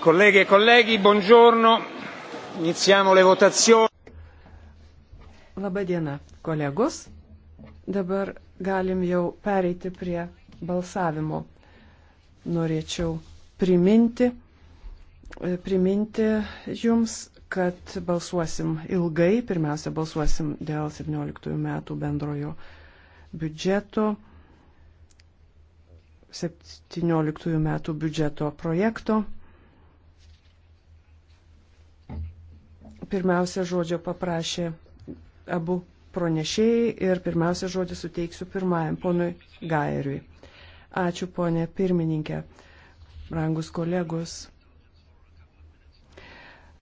Colleghe e colleghi, buongiorno. Iniziamo le votazioni. Labadiena, kolegos. Dabar galim jau pereiti prie balsavimo. Norėčiau priminti, priminti jums, kad balsuosim ilgai. Pirmiausia, balsuosim dėl 17 metų bendrojo biudžeto. 17 metų biudžeto projekto pirmiausia žodžio paprašė abu pranešėjai ir pirmiausia žodį suteiksiu pirmajam ponui Gairiui. Ačiū ponė pirmininkė, rangus kolegos.